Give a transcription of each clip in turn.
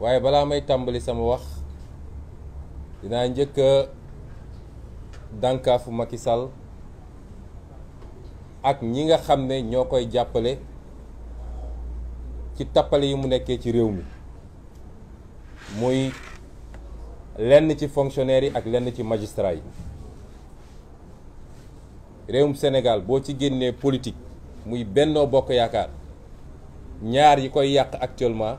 waaye balaa may tàmbali sama wax dinaa njëkk a dànkaafu Macky Sall ak ñi nga xam ne ñoo koy jàppale ci tappale yi mu nekkee ci réew mi muy lenn ci fonctionnaires yi ak lenn ci magistrats yi réewum Sénégal boo ci génnee politique muy Benno Bokk Yaakaar ñaar yi koy yàq actuellement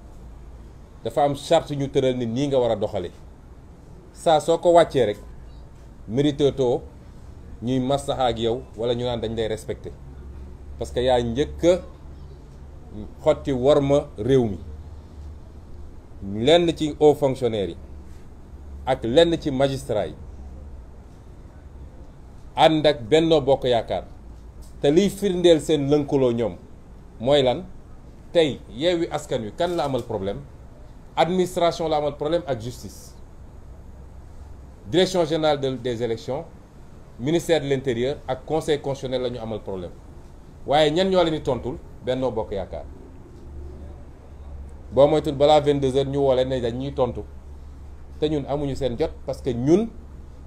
dafa am charte ñu tëral ni nii nga war a doxale saa soo ko wàccee rek mérite too ñuy maslaxa ak yow wala ñu naan dañ lay respecté parce que yaa njëkk a xotti worma réew mi lenn ci hauts fonctionnaires yi ak lenn ci magistrats yi ànd ak Benno Bokk Yaakaar te liy firndeel seen lënkaloo ñoom mooy lan tey Yewwi Askan Wi kan la amal problème administration là problème à justice direction générale des élections ministère de l'intérieur ak conseil constitutionnel nous problème amal problème ñan tontul Benno Bokk 22h ñu dañ tontu parce que ñun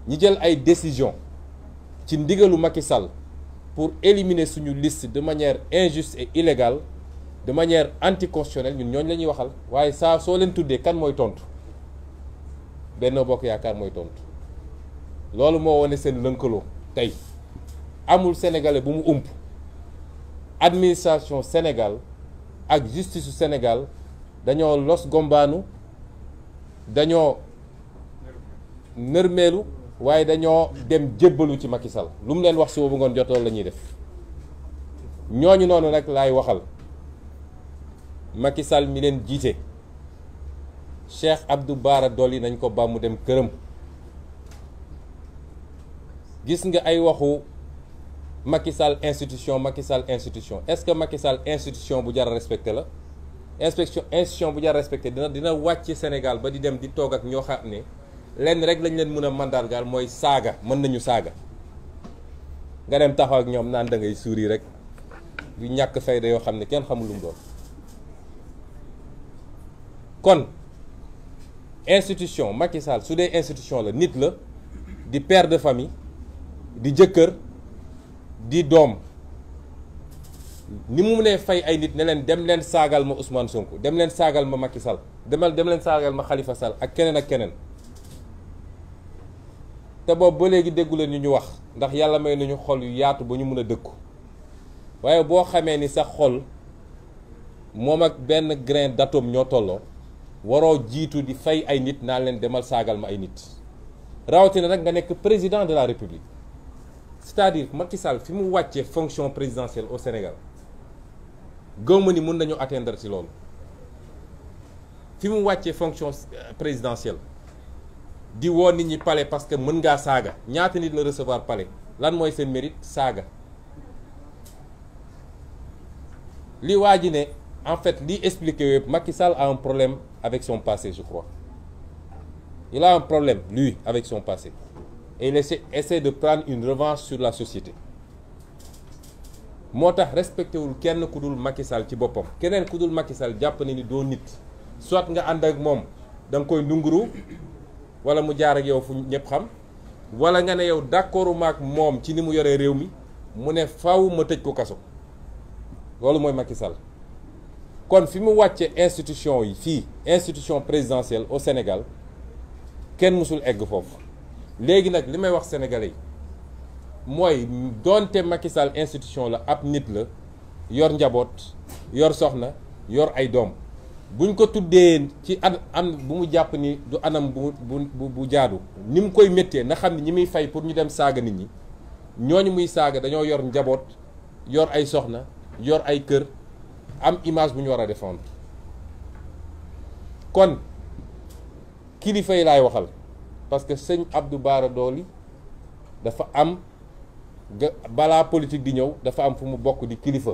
ñi jël ay décision ci ndigalu Macky pour éliminer suñu liste de manière injuste et illégale de manière anticonstitutionnelle nous ñooñu la waxal ça, ça soo leen tuddee kan mooy tontu Benno Bokk Yaakaar mooy tontu loolu moo amul sénégalais bu administration Sénégal ak justice Sénégal dañoo los Gombano. dañoo nërmeelu waaye dañoo dem jébbalu ci Macky Sall leen wax suba fait Macky Sall mi leen jiite Cheikh Abdou Bara Dolly nañ ko ba mu dem këram gis nga ay waxu Macky Sall institution Macky Sall institution est-ce que Macky Sall institution bu jara a la inspection institution bu jar respecté dina dina wàcc Sénégal ba di dem di toog ak ñoo xam ne lenn rek lañ leen mën a mandargaal mooy saaga mën nañu saaga nga dem taxaw ak ñoom naan da ngay suuri rek yu ñàkk fayda yoo xam ne kenn xamul lu doon kon institution Macky Sall des institutions institution la nit la di père de famille di jëkkër di dom. ni mu ne fay ay nit ne dem len sagal ma Ousmane Sonko dem len sagal ma Macky Sall demal dem len sagal ma Khalifa Sall ak keneen ak keneen te boobu ba léegi déggu ñu wax ndax yàlla may nañu xol yu yaatu ba ñu a dëkku waaye ni sa xol moom ak benn grain d'atome ñoo waro jitu di fay ay nit na leen demal sagal ma ay nit rawatina nag nga nek président de la république c'est-à-dire Macky Sall fi mu fonction présidentielle au Sénégal gëw ni mën nañu atteindre ci lool fi mu fonction euh, présidentielle di wo nit ñi palais parce que mën nga s'aga. ñaata nit la recevoir palais lan moy sen mérite s'aga. li waa ji ne en fait li expliquer yëpp Macky Sall a un problème avec son passé, je crois. Il a un problème, lui, avec son passé. Et il essaie, essaie de prendre une revanche sur la société. moo respecte respecté wul kenn ku dul Macky Sall ci boppam keneen ku dul Macky Sall jàpp ni nit soit nga ànd mom, moom koy ndunguru wala mu jaar ak yow fu ñëpp xam wala nga ne yow d'accordu ou ak ci ni mu yoree reumi. mi mu ne faaw ma ko Macky Sall kon fi mu wàcce institution yi fii institution présidentielle au Sénégal kenn musul egg foofu léegi nag li may wax sénégalais yi mooy Macky Sall institution la ab nit la yor njabot, yor soxna yor ay doom buñ ko tuddee ci an am bu mu jàpp ni du anam bu bu bu jaadu Nim koy méttee na xam ne ñi fay pour ñu dem saga nit ñi ñooñu muy saga, dañoo yor njabot, yor ay soxna yor ay kër am image bu ñu war a défendre kon kilifa yi laay waxal parce que sëñ Abdou Bara Dolly dafa am balaa politique di ñëw dafa am fu mu bokk di kilifa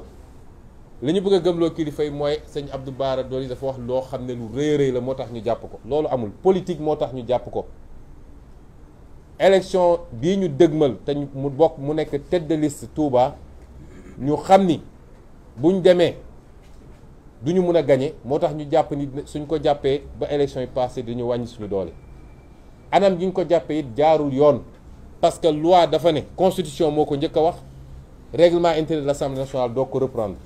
li ñu bëgg a gëmloo kilifa yi mooy sëñ Abdou Bara Dolly dafa wax loo xam ne lu rëy rëy la moo ñu jàpp ko loolu amul politique moo tax ñu jàpp ko élection bii ñu dëgmal te mu bokk mu nekk tête de liste Touba ñu xam ni buñ demee du ñu mun a gañe moo tax ñu jàpp ni suñ ko jàppee ba élection yi passé dañu wàññi suñu doole anam gi ko jàppee it jaarul yoon parce que loi dafa ne constitution moo ko njëkk a wax réglement intérieur de l'Assemblée nationale doo ko reprendre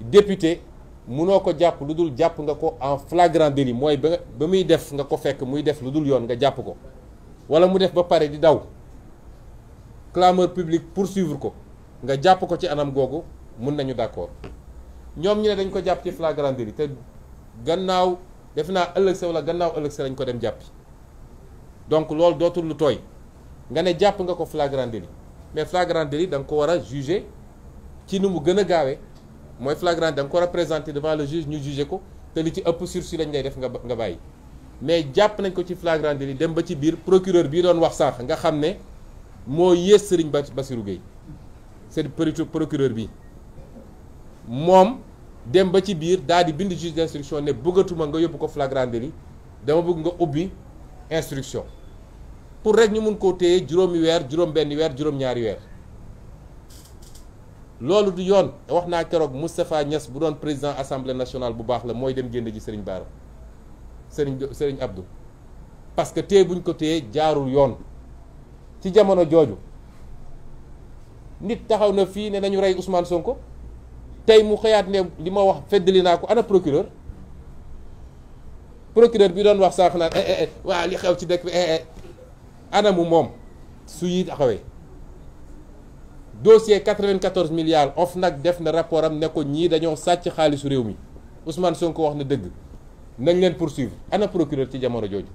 député munoo ko jàpp lu dul jàpp nga ko en flagrant délit mooy ba ba muy def nga ko fekk muy def lu dul yoon nga jàpp ko wala mu def ba pare di daw clameur publique poursuivre ko nga jàpp ko ci anam googu mun nañu d'accord ñom ñu né dañ ko japp ci flagrant délit te gannaaw def na ëlëk sa wala gannaaw ëlëk sa lañ ko dem japp donc lool dootul lu toy nga né japp nga ko flagrant délit mais flagrant délit da ko wara juger ci nu mu gëna gaawé moy flagrant da ko représenter devant le juge ñu juger ko té li ci ëpp sursis lañ lay def nga nga bàyyi mais japp nañ ko ci flagrant délit dem ba ci biir procureur bi doon wax sax nga xamné ne moo yées Serigne Bassirou Gueye c'est procureur bi mom dem ba ci biir daal di bind juge d'instruction ne bëggatuma nga yóbbu ko flagrant délit dama bëgg nga ubbi instruction pour rek ñu mun koo téye juróomi weer juróom benn weer juróom ñaari weer loolu du yoon wax naa keroog Moustapha Niass bu doon président assemblée nationale bu baax la mooy dem génn ji Serigne Bara Serigne Serigne Abdou parce que téye buñ ko téye jaarul yoon ci jamono jooju nit taxaw na fii ne nañu rey Ousmane Sonko tey mu xëyaat ne li ma wax feddali naa ko ana procureur procureur bi doon wax sànq naan eh, eh, eh, waa li xew ci dëkk bi mu moom su yi taxawee dossier 94 milliards nag def na rapport am ne ko ñii dañoo sàcc xaalisu réew mi Ousmane Sonko wax na dëgg nañ leen pour poursuivre ana procureur ci jamono jooju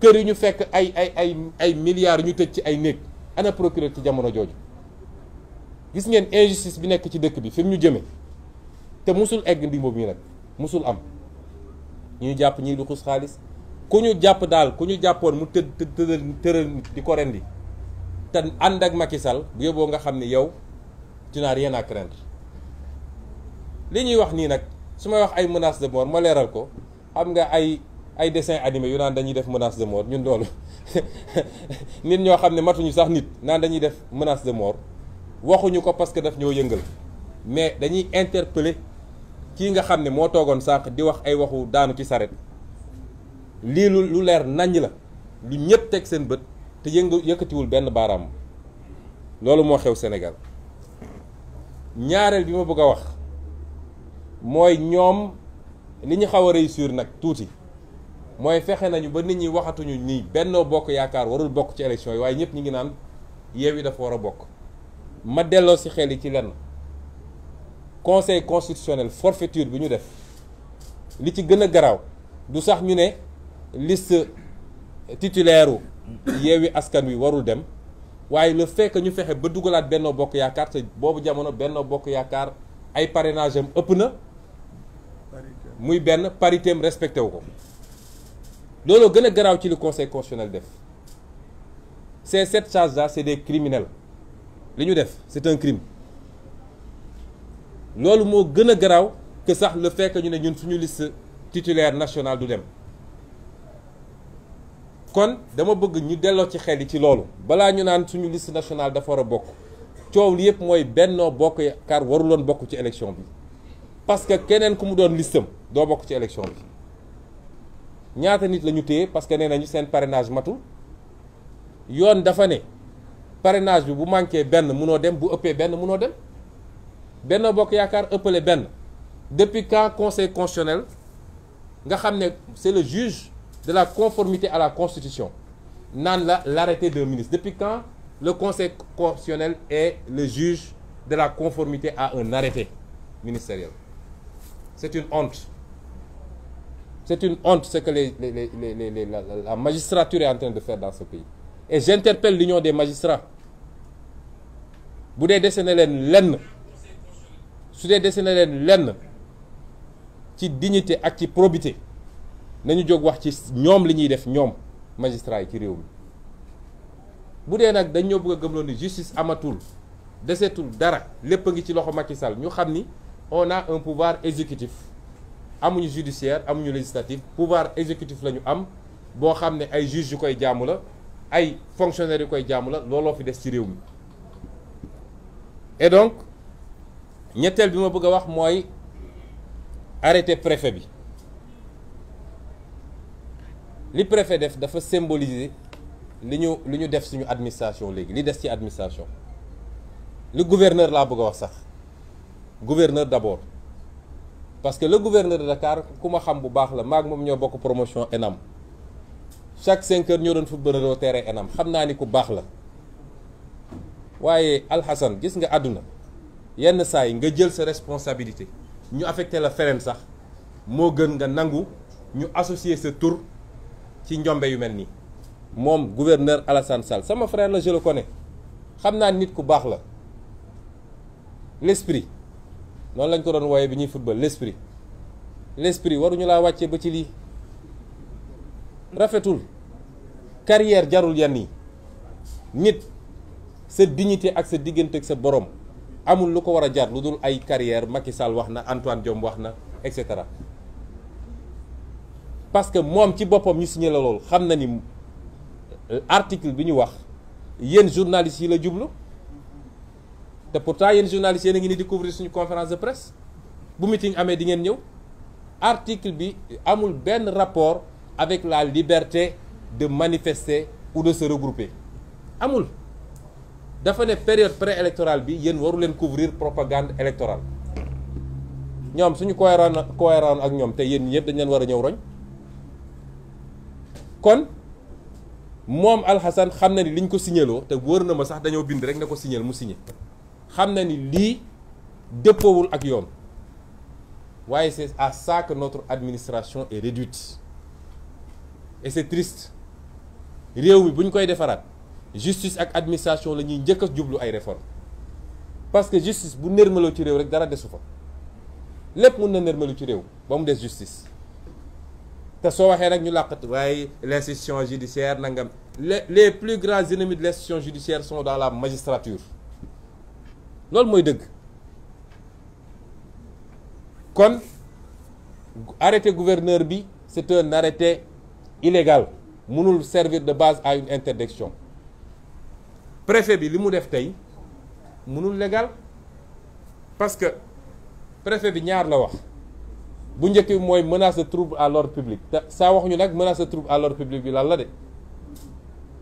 kër yi ñu fekk ay ay ay ay yu ñu tëj ci ay néeg ana procureur ci jamono jooju gis ngeen injustice bi nekk ci dëkk bi fi ñu jëmee te musul egg ndi boobu ñu nag mosul am ñuy jàpp ñiy lu xus xaalis ku ñu jàpp daal ku ñu jàppoon mu tëdd tëddal tëral di ko rendi te ànd ak Macky Sall bu yóbboo nga xam ne yow tu n'as ak à craindre li ñuy wax nii nag su may wax ay menace de mort ma leeral ko xam nga ay ay dessin animé yu naan dañuy def menace de mort ñun loolu nit ñoo xam ne matuñu sax nit naan dañuy def menace de mort waxuñu ko parce que daf ñoo yëngal mais dañuy interpeller kii nga xam ne moo toogoon di wax ay waxu daanu ci saret lii lu lu leer naññ la lu ñëpp teg seen bët te yëngu yëkkatiwul benn baaraam loolu moo xew Sénégal ñaareel bi ma bëgg a wax moy ñoom li ñu xaw a réussir nag tuuti mooy nañu ba nit ñi waxatuñu nii Benno Bokk Yaakaar warul bok ci élection yi waaye ñi ngi naan dafa ma delloo si xel ci lenn conseil constitutionnel forfaiture bi ñu def li ci gëna graw du sax ñu né liste titulaire u askan wi warul dem waye le fait que ñu fexé ba dugulat Benno Bokk yaakar te bobu jamono Benno Bokk yaakar ay parrainage am ëpp na muy benn parité respecté wu ko looloo gën ci le conseil constitutionnel def ces sept charges là c'est des criminels li def c'est un crime loolu moo gën a garaaw que sax le fait que ñu ne ñun suñu liste titulaire nationale du dem kon dama bëgg ñu delloo ci xel yi ci loolu balaa ñu naan suñu liste nationale dafa war a bokk coow li yëpp mooy Benno Bokk car waruloon bokk ci élection bi parce que Kenen ku mu doon listam doo bokk ci élection bi ñaata nit la ñu parce que nee nañu seen parrainage matul yoon dafa ne parrainage bi bu manqué ben vous dem bu Ben Ben munoo dem benn bokk yaakaar ben. depuis quand conseil constitutionnel nga c'est le juge de la conformité à la constitution non l'arrêté de ministre depuis quand le conseil constitutionnel est le juge de la conformité à un arrêté ministériel c'est une honte c'est une honte ce que la magistrature est en train de faire dans ce pays et j'interpelle l'union des magistrats Boudé dee l'en na leen lenn l'en dee qui ci dignité ak ci probité nañu jóg wax ci ñoom li def ñoom magistrat yi ci réew mi bu dee nag dañ ñoo bëgg a ni justice amatul desetul dara lépp a ngi ci loxo Macky Sall ñu xam ni on a un pouvoir exécutif amuñu judiciaire amuñu législatif pouvoir exécutif la am boo xam ne ay juges yu koy jaamu la ay fonctionnaires yu koy jaamu la fi des ci réew et donc ñetteel bi ma bëgg a wax mooy arrêté préfet bi li préfet def dafa symboliser ce que nous faisons def suñu administration léegi li ci administration le gouverneur là, bëgg a wax gouverneur d'abord parce que le gouverneur de Dakar comme je xam bu baax la maag beaucoup ñoo bokk promotion ENAM chaque 5 heures ñoo doon footballeur au terrain ENAM xam naa ni ku baax waaye alxasan gis nga aduna yenn say nga jël sa responsabilité ñu affecté la feneen sax mo gën nga nangu ñu associer ce tour. ci njombe yu melni mom gouverneur Alassane Sall sama frère la je le connais xamna nit ku bax la l'esprit non lañ ko doon woyé football l'esprit l'esprit ñu la waccé ba ci lii rafetul carrière jarul yenn nit cette dignité ak sa diggante ak sa borom amul luko wara war a jar ay carrière Macky Sall Antoine Diom, waxna na et parce que mom ci bopom ñu signé la lol xamna ni euh, article biñu wax yéen journaliste yi la djublu te pourtant un journaliste yéen a ngi ni découvrir suñu conférence de presse bu meeting amé di ngeen ñew article bi amul ben rapport avec la liberté de manifester ou de se regrouper amul dafa ne période électorale bi yéen waru leen couvrir propagande électorale ñoom suñu cohérent cohérent ak ñoom te yéen ñëpp dañ leen war a ñëw roñ kon moom Alxasan xam na ni liñ ko signaloo te wóor na ma sax dañoo bind rek ne ko signal mu signé xam na ni lii dëppoowul ak yoon waaye c'est à ça que notre administration est réduite et c'est triste réew mi bu ñu koy defaraat justice ak administration la ñuy njëkk jublu ay réformes parce que justice bu nërmaloo ci pas, rek dara desu fa na des justice les soo waxee ñu làqat waaye judiciaire nangam les les plus grands ennemis de l'institution judiciaire sont dans la magistrature C'est ce que kon arrêté gouverneur bi c'est un arrêté illégal Il mënul servir de base à une interdiction préfet bi li def tay mënul légal parce que préfet bi ñaar la wax bu njëkk moy menace de trouble à l'ordre public Ça, wax ñu nak menace de trouble à l'ordre public bi lan la dé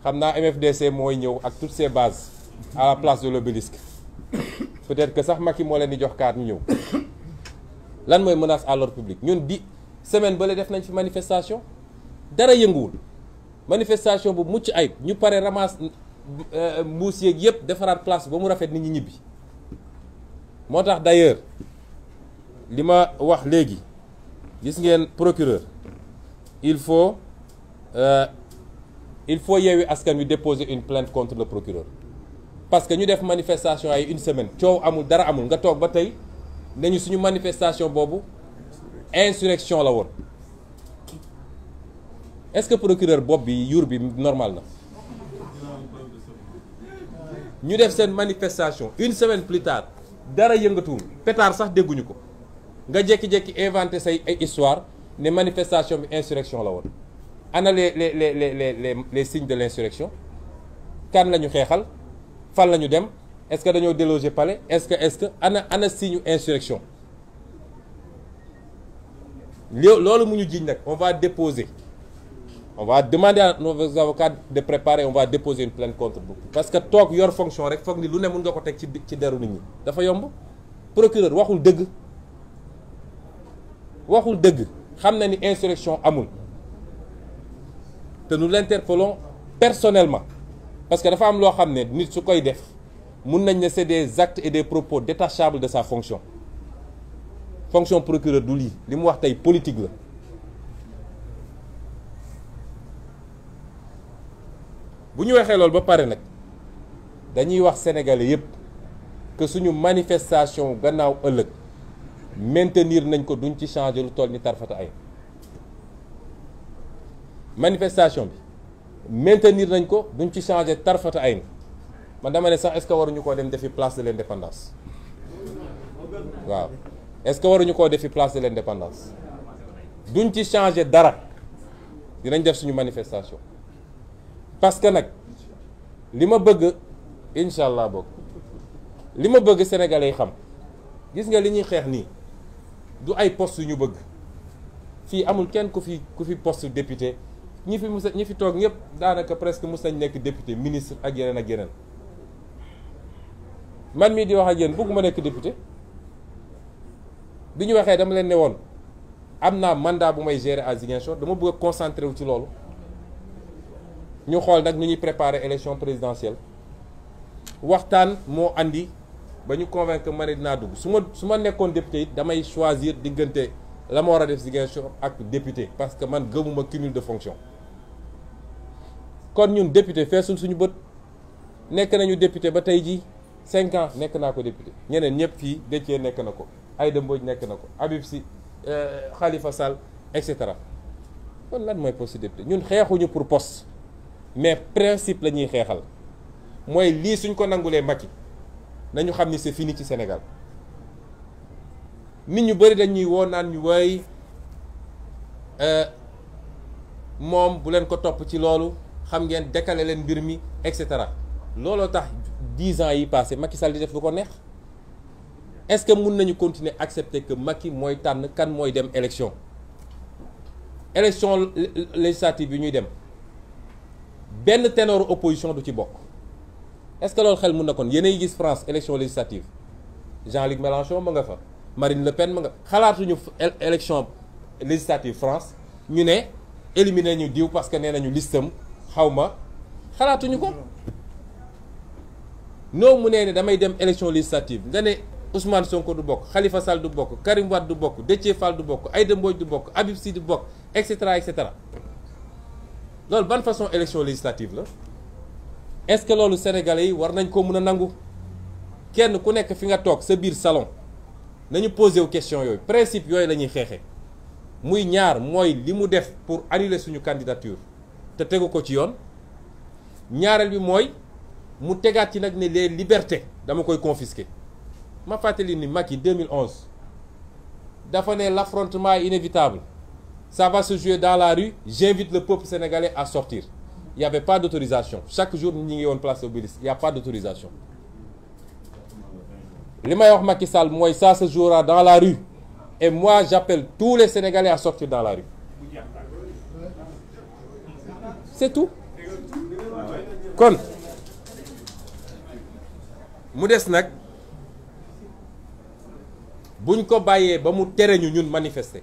xamna MFDC moy ñëw ak toutes ses bases à la place de l'obélisque peut-être que sax Macky mo leen di jox carte ñëw lan moy menace à l'ordre public ñun di semaine ba la def nañ fi manifestation dara yëngul manifestation bu mucc ayb ñu paré ramasse euh, mbuus yeeg yëpp defaraat place ba mu rafet nit ñi ñibbi moo Moi, d'ailleurs lima ma wax léegi gis le procureur il faut euh, il faut ce askan wi déposer une plainte contre le procureur parce que ñu def manifestation ay une semaine rien. amul dara amul nga toog ba Nous nañu suñu manifestation boobu insurrection la woon est-ce que procureur Bob, bi yuur normal na avons fait une manifestation une semaine plus tard dara avons pétard sax dégguñu ko nga inventé histoire ne manifestation fait insurrection la ana les les les les signes de l'insurrection kan la ñu nous fan est-ce que déloger palais est-ce que est-ce que ana ana signe insurrection le nous on va déposer on va demander à nos avocats de préparer on va déposer une plainte contre vous parce que toi, yor fonction rek foog ni lu nous mën nga ko teg ci ci deru nit ñi dafa yomb procureur waxul dëgg waxul dëgg xam na ni insurrection amul te nous l'interpellons personnellement parce que dafa am loo xam ne nit su koy def mun nañ des actes et des propos détachables de sa fonction fonction procureur douli, Ce que je wax politique bu ñu waxee loolu ba pare nag dañuy wax sénégalais yépp que suñu manifestation gannaaw ëllëg maintenir nañ ko duñ ci changer lu tool ni tarfata ay manifestation bi maintenir nañ ko duñ ci changer tarfata ay man dama ne sax est-ce que waruñu koo dem defi place de l'indépendance waaw est-ce que waruñu koo defi place de l'indépendance duñ ci changer dara dinañ def suñu manifestation parce que nag li ma bëgg incha allah bokk li ma bëgg sénégalais yi xam gis nga li ñuy xeex nii du ay poste yu ñu bëgg fii amul kenn ku fi ku fi poste député ñi fi musa ñi fi toog ñëpp daanaka presque mus nañ nekk député ministre ak yeneen ak yeneen man mii di wax ak yéen bëgguma nekk député bi ñu waxee dama leen ne woon am naa mandat bu may gérer à Ziguinchor dama bëgg a concentré wu ci loolu Nous avons nak ñuy préparer élection présidentielle Wachtan, mon andi convaincre nous Nadu. suma suma député damay choisir la député parce que man de fonction kon ñun député suñu nañu député ans députés. Nous député ñeneen fi Nous euh, Khalifa Sall etc. nous avons. Nous député pour poste mais principe la xéxal moy li suñ ko nangulé Macky nañu xamni c'est fini ci Sénégal nit ñu bari dañuy woo naan ñu euh mom bu len ko top ci lolu xam ngeen décaler len mbir mi et tax 10 ans yi passé Macky Sall di def lu ko neex est-ce que mën nañu continuer accepter que Macky moy tànn kan moy dem élection élection législative bi ñuy dem. Ben ténor opposition du Tibok. est-ce que xel France élection législative Jean-Luc Mélenchon Marine Le Pen ma élection législative France nous avons éliminé les deux parce que nous nañu listam mu élection législative Sonko du Khalifa Sal du Karim du Fall du Bok, Aïda du Bok, la bonne façon élection législative est-ce que les sénégalais war nañ ko nangu kenn ku fi nga salon nañu poser aux questions yoy, principe yoy muy ñaar def pour annuler suñu candidature té ko ci yoon bi mu les libertés confisquer ma ni 2011 l'affrontement inévitable ça va se jouer dans la rue j'invite le peuple sénégalais à sortir il n'y avait pas d'autorisation chaque jour nous avons une place Obélisque il n'y a pas d'autorisation Le may wax Macky Sall ça se jouera dans la rue et moi j'appelle tous les Sénégalais à sortir dans la rue c'est tout kon nag buñ manifester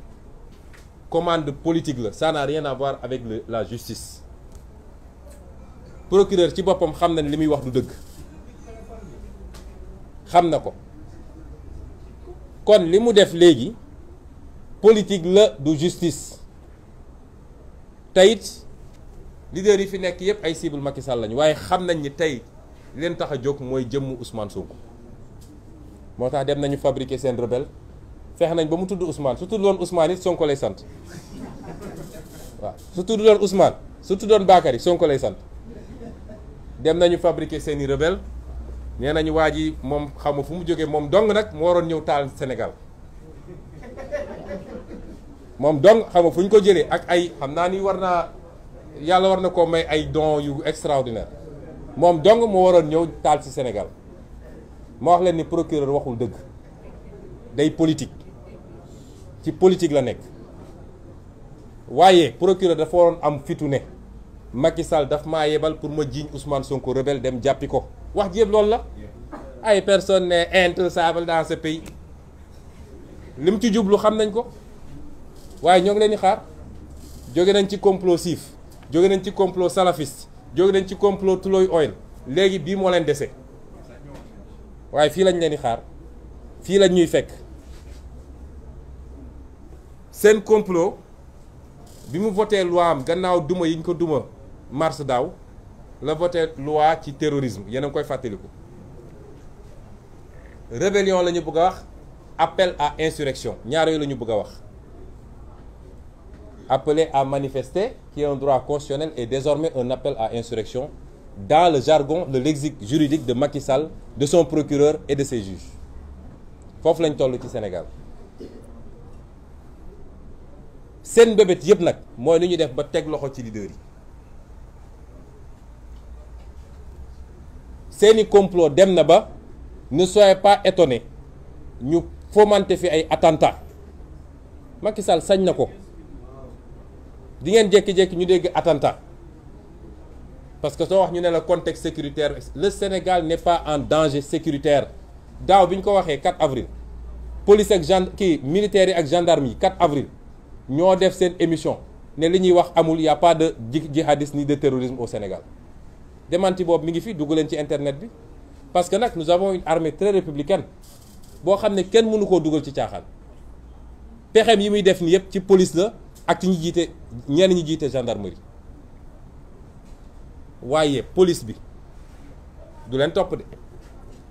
commande politique ça n'a rien à voir avec la justice procureur ci ne li wax du dëgg xam na kon def politique la du justice Taït, leader yi fi que yépp ay cible Macky Sall lañu waaye xam nañ ni tey leen tax a Ousmane Sonko moo dem nañu fabriquer un rebelle fexe nañ ba mu tudd Ousmane su tudd woon Ousmane it Sonko lay sant waaw su tudd doon Ousmane su tudd doon Bakary Sonko lay sant dem nañu fabriquer seeni rebelle nee nañu waa ji moom xamu fu mu jógee moom dong nag mu waroon ñëw taal Sénégal moom dong xamu fu ñu ko jëlee ak ay xam naa ni war naa yàlla war na koo may ay don yu extraordinaire moom dong mu waroon ñëw taal ci Sénégal ma wax leen ni procureur waxul dëgg day politique ci politique la nek. waaye procureur dafa waroon am fitu ne Macky Sall daf maa yebal pour ma djign Ousmane Sonko rebelle dem jàppi ko wax djeb lool la ay personne n'est intraçable dans ce pays li ci djublu xam nañ ko waaye ñoo ngi leen di xaar jogé nañ ci complotif jogé nañ ci complot salafiste jogé nañ ci complot Tullow oil légui bi mo leen déssé waaye fi lañ leen di xaar fi lañ ñuy fekk un complot bi mu la loi duma ko duma mars daw la voté loi ci terrorisme yéen a fateliko rebellion rébellion la bëgg appel à insurrection ñaar appelé à manifester qui est un droit constitutionnel et désormais un appel à insurrection dans le jargon de lexique juridique de Macky Sall de son procureur et de ses juges foofu lañ tollu ci Sénégal sen mbébét yëpp nak moy nu ñu def ba teg loxo ci leader yi seni complot dem na ba ne soyez pas étonnés ñu fomenter fi ay attentat Macky Sall sañ nako di ngeen jékki-jékki ñu dégg attentat parce que so wax ñu né contexte sécuritaire le Sénégal n'est pas en danger sécuritaire daw biñ ko waxé 4 avril police ak gendarmerie militaires ak gendarmes, 4 avril ñoo def seen émission ne li ñuy wax amul a pas de djihadisme ni de terrorisme au Sénégal démenti mi ngi fi dugg ci internet parce que nous avons une armée très républicaine Vous kenn mënu ci yi muy def ni police la ak ñi ñi gendarmerie wayé police bi du len top de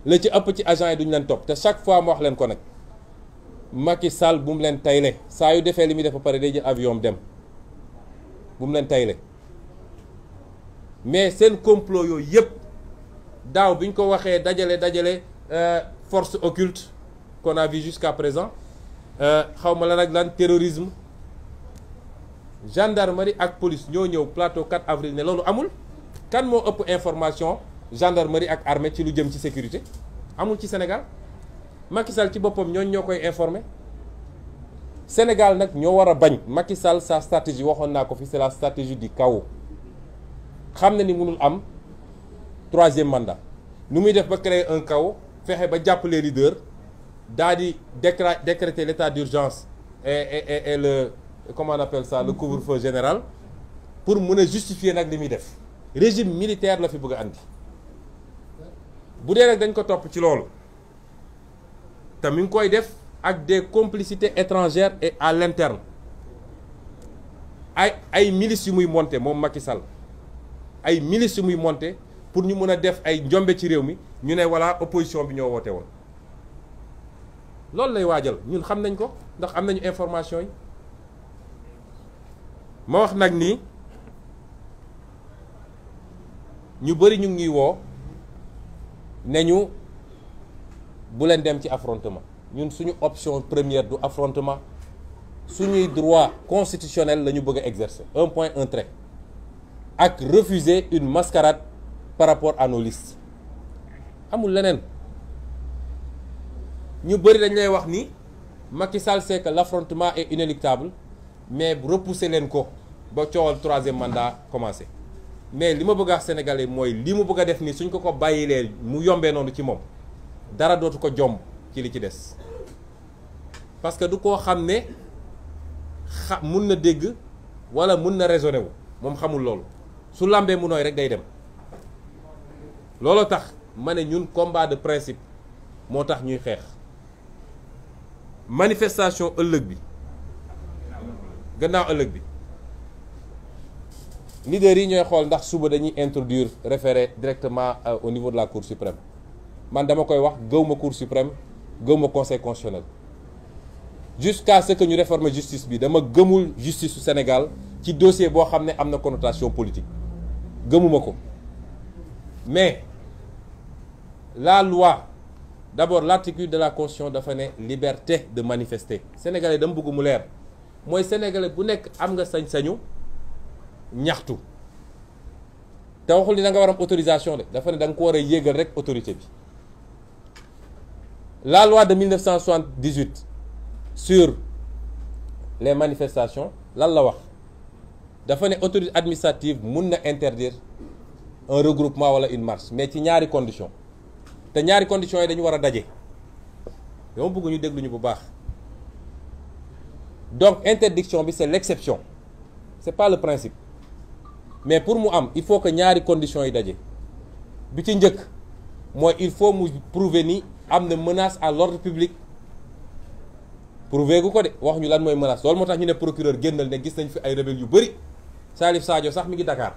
la ci agent yi chaque fois Macky Sall bu mu ça a eu yu défé limités pour paré ba pare day jël avion dem bu mu mais complot yo yépp daw biñ ko waxé dajalé dajalé euh, force occulte qu'on a vu jusqu'à présent euh xawma lan ak lan terrorisme gendarmerie ak police ñoo ñew plateau 4 avril né lolu amul kan mo information gendarmerie ak armée ci lu jëm ci sécurité amul ci Sénégal Macky Sall ci boppam ñoo koy informer Sénégal nak ñoo wara bañ Macky Sall sa stratégie waxon naa ko fi c'est la stratégie du chaos xam ni mënul am troisième mandat nu muy def ba créer un chaos fexé ba jàppale leader daa di décréter l'état d'urgence et, et, et, et le comment on appelle ça le couvre-feu général pour mun justifier nak limi def régime militaire la fi bëgg andi bu dé nak dañ ko top ci lolu nous avons fait des complicités étrangères et à l'interne. Les milices qui sont montées, c'est Macky Sall. Les milices qui sont montées, pour nous faire des choses qui sont nous avons fait l'opposition qui nous a voté. C'est ce que nous avons dire. Nous avons parce qu'il y a des informations. Je veux dire nous avons beaucoup de nous ont dit bu leen dem ci affrontement ñun une option première du affrontement un droit constitutionnel que nous bëgg exercer un point un trait Et refuser une mascarade par rapport à nos listes amul n'y ñu bëri dañ lay wax ni Macky Sall sait que l'affrontement est inéluctable mais repousser leen ko ba le troisième mandat commencé mais li ma bëgg dire wax sénégalais que li mu bëgg def ni suñ ko ko dara dootu ko jom ci li ci parce que du ko ne wala mun na raisonner. xamul su mu noy rek day dem combat de principe nous ñuy xex manifestation ëllëg bi gannaaw bi de yi ñoy xol ndax suba dañuy introduire référé directement euh, au niveau de la Cour suprême man dama koy wax cour suprême gëw ma conseil constitutionnel jusqu'à ce que ñu réformer justice bi dama geumul justice au Sénégal ci dossier bo xamné amna connotation politique geumumako mais la loi d'abord l'article de la constitution dafa la liberté de manifester sénégalais dama bëgg mu leer moy sénégalais bu nek am nga sañ-sañu ñaxtu te waxul ni nga waram autorisation de dafa ko wara yéggal rek autorité bi la loi de 1978 sur les manifestations la loi dafa les autorité administrative ne interdire un regroupement ou une marche mais il ñaari conditions pas conditions Et dañu a a daje dama bëgg ñu déglu ñu bu baax donc l'interdiction, c'est l'exception Ce n'est pas le principe mais pour moi, il faut que ñaari conditions yi daje bi ci il faut prouver ni am menace à l'ordre public prouvé vous quoi de wax ñu lan menace loolu moo ñu procureur génnal ne gis nañ fi ay rebelle yu bëri Salif Sadio sax mi ngi Dakar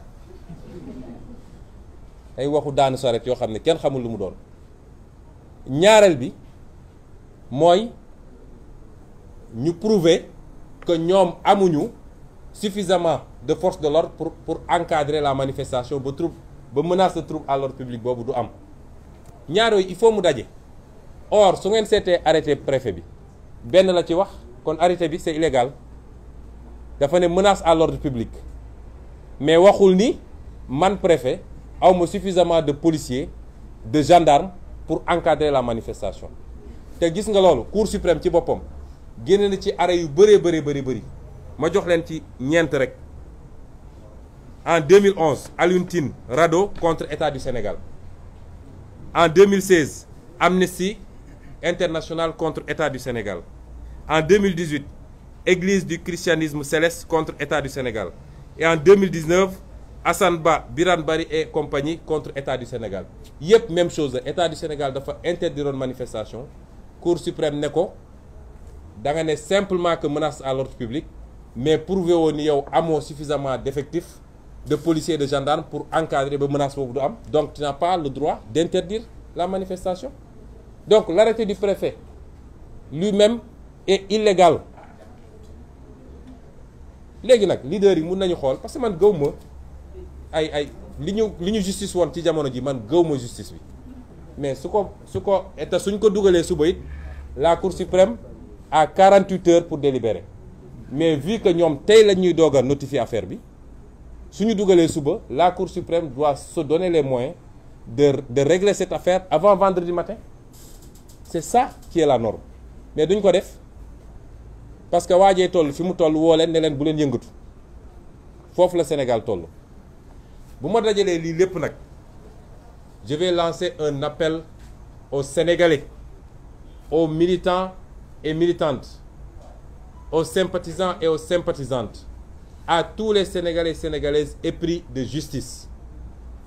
ay waxu daanu saret yoo xam ne kenn xamul lu mu doon ñaareel bi mooy ñu prouver que ñoom amuñu suffisamment de force de l'ordre pour pour encadrer la manifestation ba troupes ba menace de trouble à l'ordre public boobu du am a rien il faut mu or si vous seetee arrêté préfet bi benn la ci wax kon arrêté c'est illégal dafa une menace à l'ordre public mais waxul ni man préfet a suffisamment de policiers de gendarmes pour encadrer la manifestation Et gis nga la cour suprême ci boppam génne na ci arrêt yu bëree bëri bëri bëri ma jox leen ci en 2011 Aluntine, Tine Rado contre État du Sénégal en 2016 Amnesty internationale contre l'État du Sénégal. En 2018, Église du christianisme céleste contre l'État du Sénégal. Et en 2019, Assanba, Biran Bari et compagnie contre l'État du Sénégal. Yep, même chose. l'État du Sénégal doit interdire une manifestation. Cour suprême n'est pas. simplement que menace à l'ordre public, mais prouver au niveau amo suffisamment d'effectifs, de policiers et de gendarmes pour encadrer les menaces. Donc tu n'as pas le droit d'interdire la manifestation. Donc l'arrêté du préfet lui-même est illégal Maintenant, nag leader yi mun nañu parce que man suis ay justice woon ci jamono ji man justice mais ce que nous avons état suñ la cour suprême a 48 heures pour délibérer mais vu que nous avons notifié l'affaire, si nous notifier affaire bi la cour suprême doit se donner les moyens de de régler cette affaire avant vendredi matin c'est ça qui est la norme mais duñ ko def parce que waajee toll fi toll Sénégal je vais lancer un appel aux Sénégalais aux militants et militantes aux sympathisants et aux sympathisantes à tous les Sénégalais et Sénégalaises épris de justice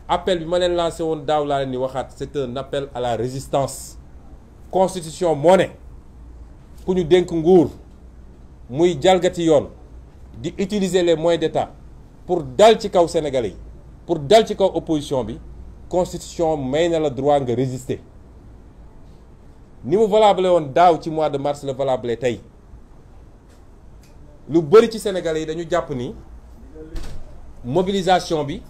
appel c'est un appel à la résistance constitution moo pour nous dénouer, di utiliser les moyens d'état pour dal ci kaw sénégalais pour dal opposition bi constitution may le la droit de résister Nous valable won mois de mars le valable tay lu de ci sénégalais dañu ni mobilisation bi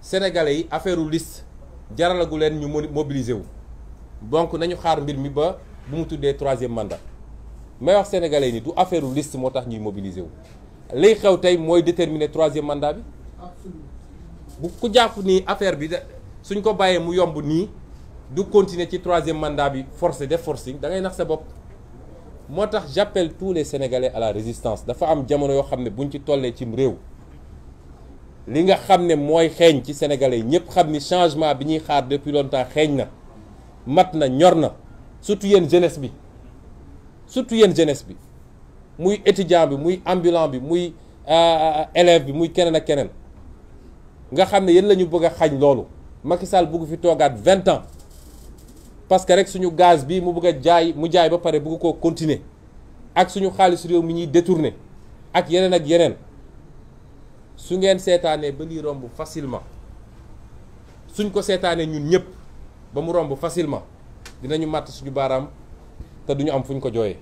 sénégalais yi affaireu liste jaralagu mobiliser donc nañu xaar mbir mi ba bu mu tuddee troisième mandat may wax sénégalais ni du affaire liste moo tax ñuy mobiliser wu. liy xew tey mooy déterminer troisième mandat bi bu ku jàpp ni affaire bi suñ ko bàyyee mu yomb nii du continuer ci troisième mandat bi forcé def forcing da ngay nax sa bopp. moo tax j'appelle tous les sénégalais à la résistance dafa am jamono yoo xam ne buñ ci tollee cim réew li nga xam ne mooy xeeñ ci sénégalais yi ñëpp xam ni changement bi ñuy xaar depuis longtemps xeeñ na. Maintenant, na surtout jeunesse bi surtout étudiants, jeunesse bi muy étudiant bi muy ambulant bi muy euh, euh, élève bi muy ak nga xamné ne lañu bëgg xagn lolu Macky fi ans parce que rek suñu gaz bi mu bëgg jaay mu jaay ba paré bëgg ko continuer ak suñu réew mi ak ak su ngeen ba facilement suñ ko ba mu romb facilement dinañu màtt suñu baaraam te duñu am fuñ ko jooyee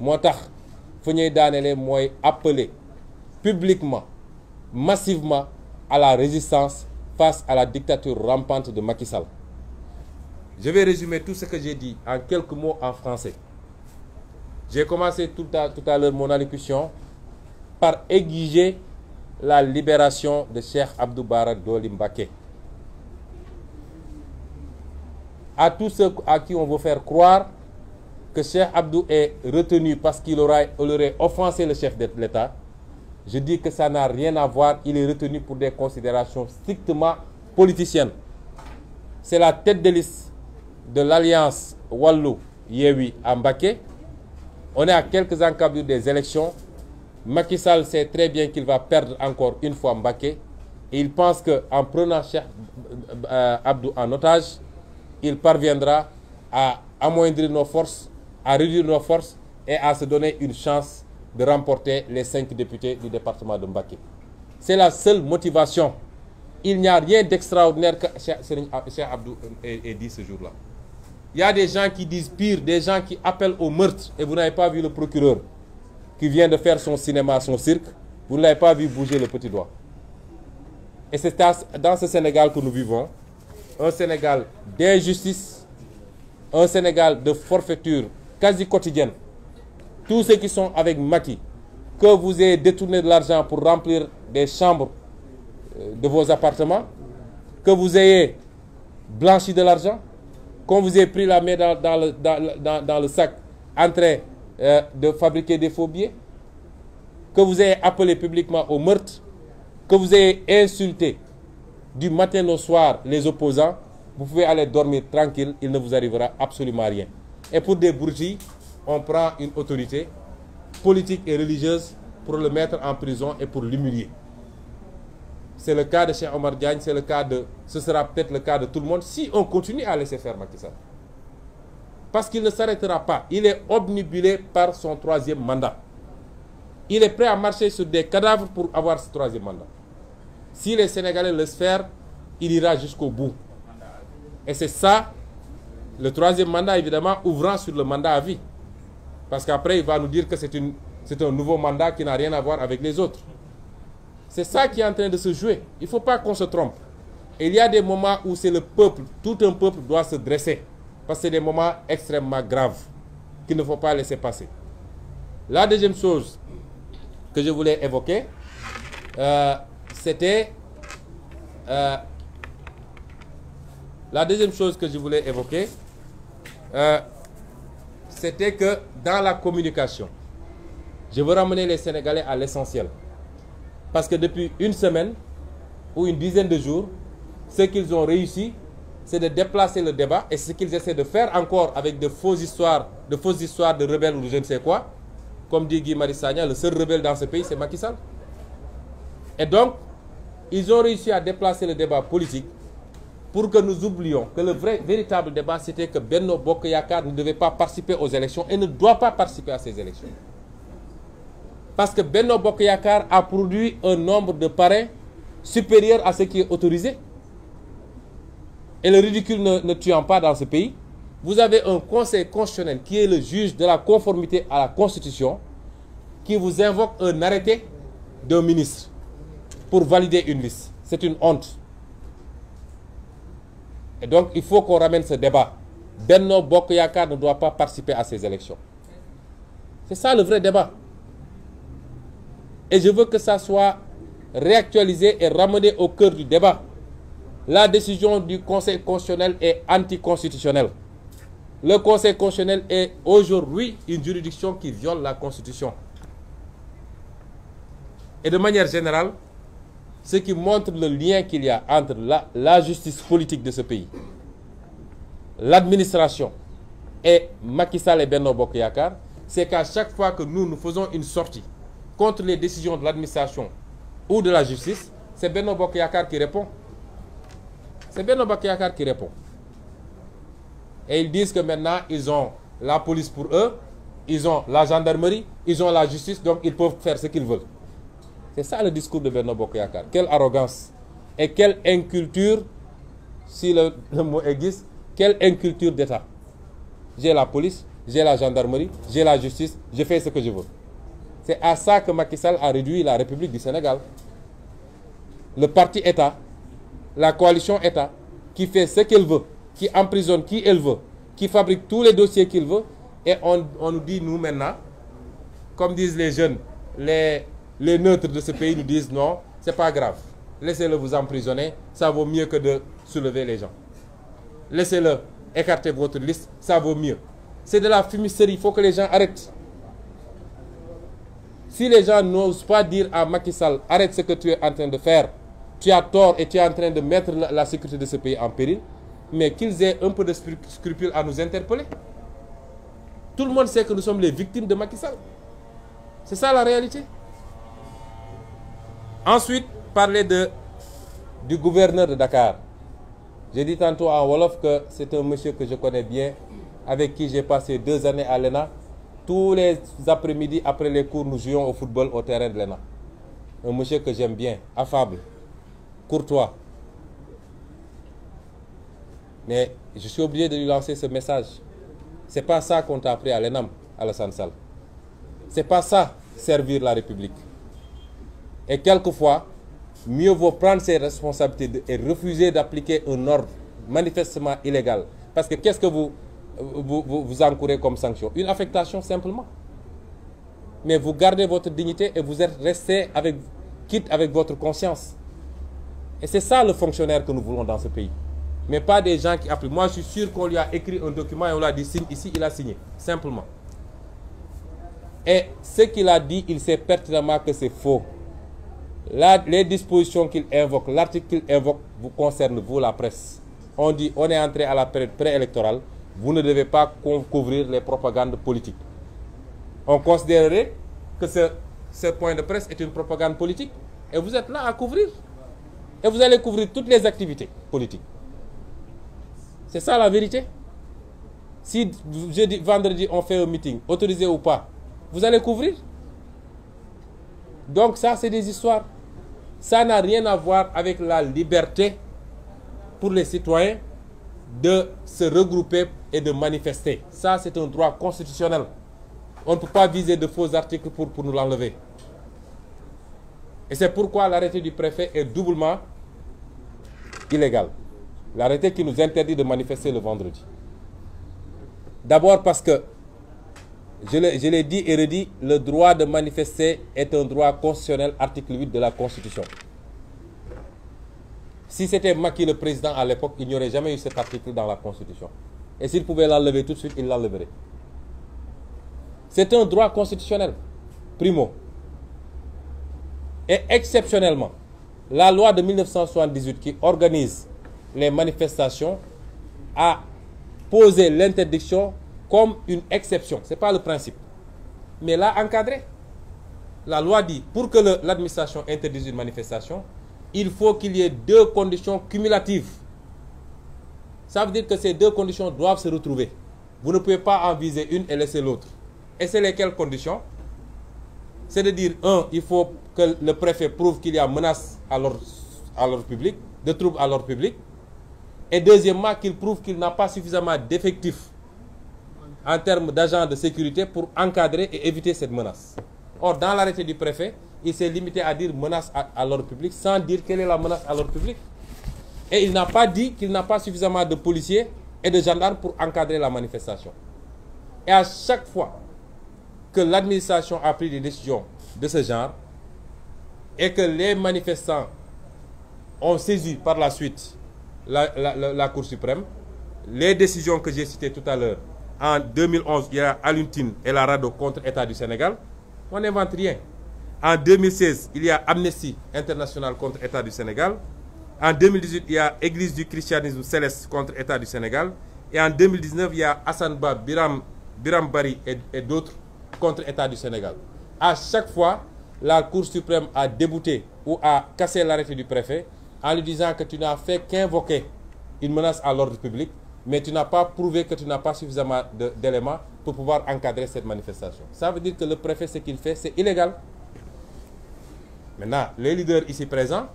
moo tax fu ñuy daanelee mooy appelé publiquement massivement à la résistance face à la dictature rampante de Macky Sall. Je vais résumer tout ce que j'ai dit en quelques mots en français. J'ai commencé tout à, tout à l'heure mon allocution par exiger la libération de Cheikh Abdou Barak Dolim à tous ceux à qui on veut faire croire que Cheikh Abdou est retenu parce qu'il aurait, offensé le chef de l'État, je dis que ça n'a rien à voir. Il est retenu pour des considérations strictement politiciennes. C'est la tête de liste de l'alliance Wallou Yewi Ambaké. On est à quelques encablures des élections. Macky Sall sait très bien qu'il va perdre encore une fois Mbaké. Et il pense qu'en prenant Cheikh euh, Abdou en otage, il parviendra à amoindrir nos forces, à réduire nos forces et à se donner une chance de remporter les cinq députés du département de Mbaké. C'est la seule motivation. Il n'y a rien d'extraordinaire que Cheikh Abdou ait euh, dit ce jour-là. Il y a des gens qui disent pire, des gens qui appellent au meurtre. Et vous n'avez pas vu le procureur qui vient de faire son cinéma, son cirque. Vous ne l'avez pas vu bouger le petit doigt. Et c'est dans ce Sénégal que nous vivons un Sénégal d'injustice, un Sénégal de forfaiture quasi quotidienne. Tous ceux qui sont avec Maki, que vous ayez détourné de l'argent pour remplir des chambres euh, de vos appartements, que vous ayez blanchi de l'argent, qu'on vous ait pris la main dans, le, sac en train euh, de fabriquer des faux billets, que vous ayez appelé publiquement au meurtre, que vous ayez insulté du matin au soir les opposants, vous pouvez aller dormir tranquille, il ne vous arrivera absolument rien. Et pour des bourgis, on prend une autorité politique et religieuse pour le mettre en prison et pour l'humilier. C'est le cas de Cheikh Omar Diagne, c'est le cas de, ce sera peut-être le cas de tout le monde si on continue à laisser faire Macky Sall. Parce qu'il ne s'arrêtera pas. Il est obnubilé par son troisième mandat. Il est prêt à marcher sur des cadavres pour avoir ce troisième mandat. Si les Sénégalais le faire, il ira jusqu'au bout. Et c'est ça, le troisième mandat, évidemment, ouvrant sur le mandat à vie. Parce qu'après, il va nous dire que c'est un nouveau mandat qui n'a rien à voir avec les autres. C'est ça qui est en train de se jouer. Il ne faut pas qu'on se trompe. Il y a des moments où c'est le peuple, tout un peuple doit se dresser. Parce que c'est des moments extrêmement graves qu'il ne faut pas laisser passer. La deuxième chose que je voulais évoquer, euh, c'était euh, la deuxième chose que je voulais évoquer. Euh, c'était que dans la communication, je veux ramener les Sénégalais à l'essentiel. Parce que depuis une semaine ou une dizaine de jours, ce qu'ils ont réussi, c'est de déplacer le débat et ce qu'ils essaient de faire encore avec de fausses histoires, de fausses histoires de rebelles ou je ne sais quoi. Comme dit Guy Marissania, le seul rebelle dans ce pays, c'est Macky Sall. Et donc, ils ont réussi à déplacer le débat politique pour que nous oublions que le vrai, véritable débat, c'était que Benno Bokoyakar ne devait pas participer aux élections et ne doit pas participer à ces élections. Parce que Benno Bokoyakar a produit un nombre de parrains supérieur à ce qui est autorisé. Et le ridicule ne, ne tuant pas dans ce pays, vous avez un conseil constitutionnel qui est le juge de la conformité à la constitution qui vous invoque un arrêté d'un ministre pour valider une liste. C'est une honte. Et donc, il faut qu'on ramène ce débat. Benno Bokoyaka ne doit pas participer à ces élections. C'est ça le vrai débat. Et je veux que ça soit réactualisé et ramené au cœur du débat. La décision du Conseil constitutionnel est anticonstitutionnelle. Le Conseil constitutionnel est aujourd'hui une juridiction qui viole la Constitution. Et de manière générale, ce qui montre le lien qu'il y a entre la, justice politique de ce pays, l'administration et Macky et Benno c'est qu'à chaque fois que nous, nous faisons une sortie contre les décisions de l'administration ou de la justice, c'est Benno Bokyakar qui répond. C'est Benno Bokyakar qui répond. Et ils disent que maintenant, ils ont la police pour eux, ils ont la gendarmerie, ils ont la justice, donc ils peuvent faire ce qu'ils veulent. C'est ça le discours de Bernard Bokoyakar. Quelle arrogance et quelle inculture, si le, mot existe, quelle inculture d'État. J'ai la police, j'ai la gendarmerie, j'ai la justice, je fais ce que je veux. C'est à ça que Macky Sall a réduit la République du Sénégal. Le parti État, la coalition État, qui fait ce qu'elle veut, qui emprisonne qui elle veut, qui fabrique tous les dossiers qu'il veut, et on nous dit, nous maintenant, comme disent les jeunes, les les neutres de ce pays nous disent non, c'est pas grave. Laissez-le vous emprisonner, ça vaut mieux que de soulever les gens. Laissez-le écarter votre liste, ça vaut mieux. C'est de la fumisterie, il faut que les gens arrêtent. Si les gens n'osent pas dire à Macky Sall, arrête ce que tu es en train de faire, tu as tort et tu es en train de mettre la sécurité de ce pays en péril, mais qu'ils aient un peu de scrupule à nous interpeller. Tout le monde sait que nous sommes les victimes de Macky Sall. C'est ça la réalité. Ensuite, parler de, du gouverneur de Dakar. J'ai dit tantôt à Wolof que c'est un monsieur que je connais bien, avec qui j'ai passé deux années à l'ENA. Tous les après-midi, après les cours, nous jouions au football au terrain de l'ENA. Un monsieur que j'aime bien, affable, courtois. Mais je suis obligé de lui lancer ce message. C'est pas ça qu'on t'a appris à l'ENAM, à la Sansal. C'est pas ça, servir la République. Et quelquefois, mieux vaut prendre ses responsabilités et refuser d'appliquer un ordre manifestement illégal. Parce que qu'est-ce que vous, vous, vous, vous encourez comme sanction Une affectation simplement. Mais vous gardez votre dignité et vous êtes resté avec, quitte avec votre conscience. Et c'est ça le fonctionnaire que nous voulons dans ce pays. Mais pas des gens qui appliquent. Moi, je suis sûr qu'on lui a écrit un document et on l'a dit signe ici, il a signé. Simplement. Et ce qu'il a dit, il sait pertinemment que c'est faux les dispositions qu'il invoque, l'article qu'il invoque, vous concerne, vous, la presse. On dit, on est entré à la période préélectorale, vous ne devez pas couvrir les propagandes politiques. On considérerait que ce, ce point de presse est une propagande politique, et vous êtes là à couvrir. Et vous allez couvrir toutes les activités politiques. C'est ça la vérité. Si jeudi, vendredi, on fait un meeting, autorisé ou pas, vous allez couvrir. Donc ça, c'est des histoires ça n'a rien à voir avec la liberté pour les citoyens de se regrouper et de manifester. Ça, c'est un droit constitutionnel. On ne peut pas viser de faux articles pour, pour nous l'enlever. Et c'est pourquoi l'arrêté du préfet est doublement illégal. L'arrêté qui nous interdit de manifester le vendredi. D'abord parce que je l'ai dit et redit, le droit de manifester est un droit constitutionnel, article 8 de la Constitution. Si c'était Macky le président à l'époque, il n'y aurait jamais eu cet article dans la Constitution. Et s'il pouvait l'enlever tout de suite, il l'enleverait. C'est un droit constitutionnel, primo. Et exceptionnellement, la loi de 1978 qui organise les manifestations a posé l'interdiction comme une exception. c'est pas le principe. Mais là, encadré. La loi dit, pour que l'administration interdise une manifestation, il faut qu'il y ait deux conditions cumulatives. Ça veut dire que ces deux conditions doivent se retrouver. Vous ne pouvez pas en une et laisser l'autre. Et c'est lesquelles conditions C'est de dire, un, il faut que le préfet prouve qu'il y a menace à l'ordre public, de troubles à l'ordre public. Et deuxièmement, qu'il prouve qu'il n'a pas suffisamment d'effectifs en termes d'agents de sécurité pour encadrer et éviter cette menace. Or, dans l'arrêté du préfet, il s'est limité à dire menace à, l'ordre public sans dire quelle est la menace à l'ordre public. Et il n'a pas dit qu'il n'a pas suffisamment de policiers et de gendarmes pour encadrer la manifestation. Et à chaque fois que l'administration a pris des décisions de ce genre et que les manifestants ont saisi par la suite la, la Cour suprême, les décisions que j'ai citées tout à l'heure en 2011, il y a Aluntine et la contre l'État du Sénégal. On n'invente rien. En 2016, il y a Amnesty International contre l'État du Sénégal. En 2018, il y a Église du christianisme céleste contre l'État du Sénégal. Et en 2019, il y a Hassanba, Biram, Biram Bari et, d'autres contre l'État du Sénégal. À chaque fois, la Cour suprême a débouté ou a cassé l'arrêté du préfet en lui disant que tu n'as fait qu'invoquer une menace à l'ordre public mais tu n'as pas prouvé que tu n'as pas suffisamment d'éléments pour pouvoir encadrer cette manifestation. Ça veut dire que le préfet, ce qu'il fait, c'est illégal. Maintenant, les leaders ici présents,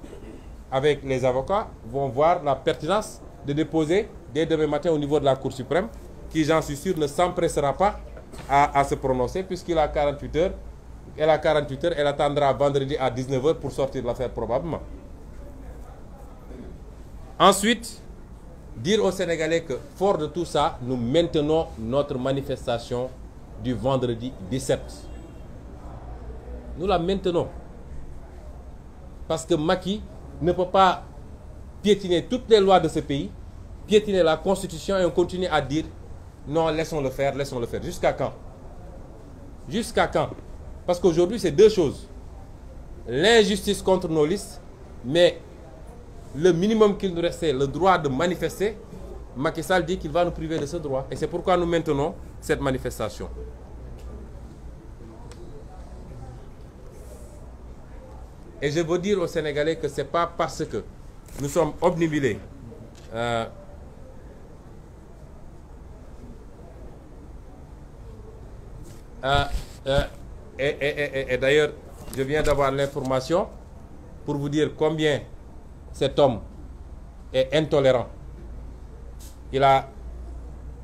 avec les avocats, vont voir la pertinence de déposer dès demain matin au niveau de la Cour suprême, qui, j'en suis sûr, ne s'empressera pas à, se prononcer, puisqu'il a 48 heures. Elle a 48 heures, elle attendra vendredi à 19h pour sortir de l'affaire probablement. Ensuite, dire aux Sénégalais que, fort de tout ça, nous maintenons notre manifestation du vendredi 17. Nous la maintenons. Parce que Maki ne peut pas piétiner toutes les lois de ce pays, piétiner la Constitution et on continue à dire non, laissons-le faire, laissons-le faire. Jusqu'à quand Jusqu'à quand Parce qu'aujourd'hui, c'est deux choses. L'injustice contre nos listes, mais le minimum qu'il nous restait, le droit de manifester, Macky Sall dit qu'il va nous priver de ce droit. Et c'est pourquoi nous maintenons cette manifestation. Et je veux dire aux Sénégalais que ce n'est pas parce que nous sommes obnubilés euh, euh, euh, et d'ailleurs, je viens d'avoir l'information pour vous dire combien cet homme est intolérant. Il a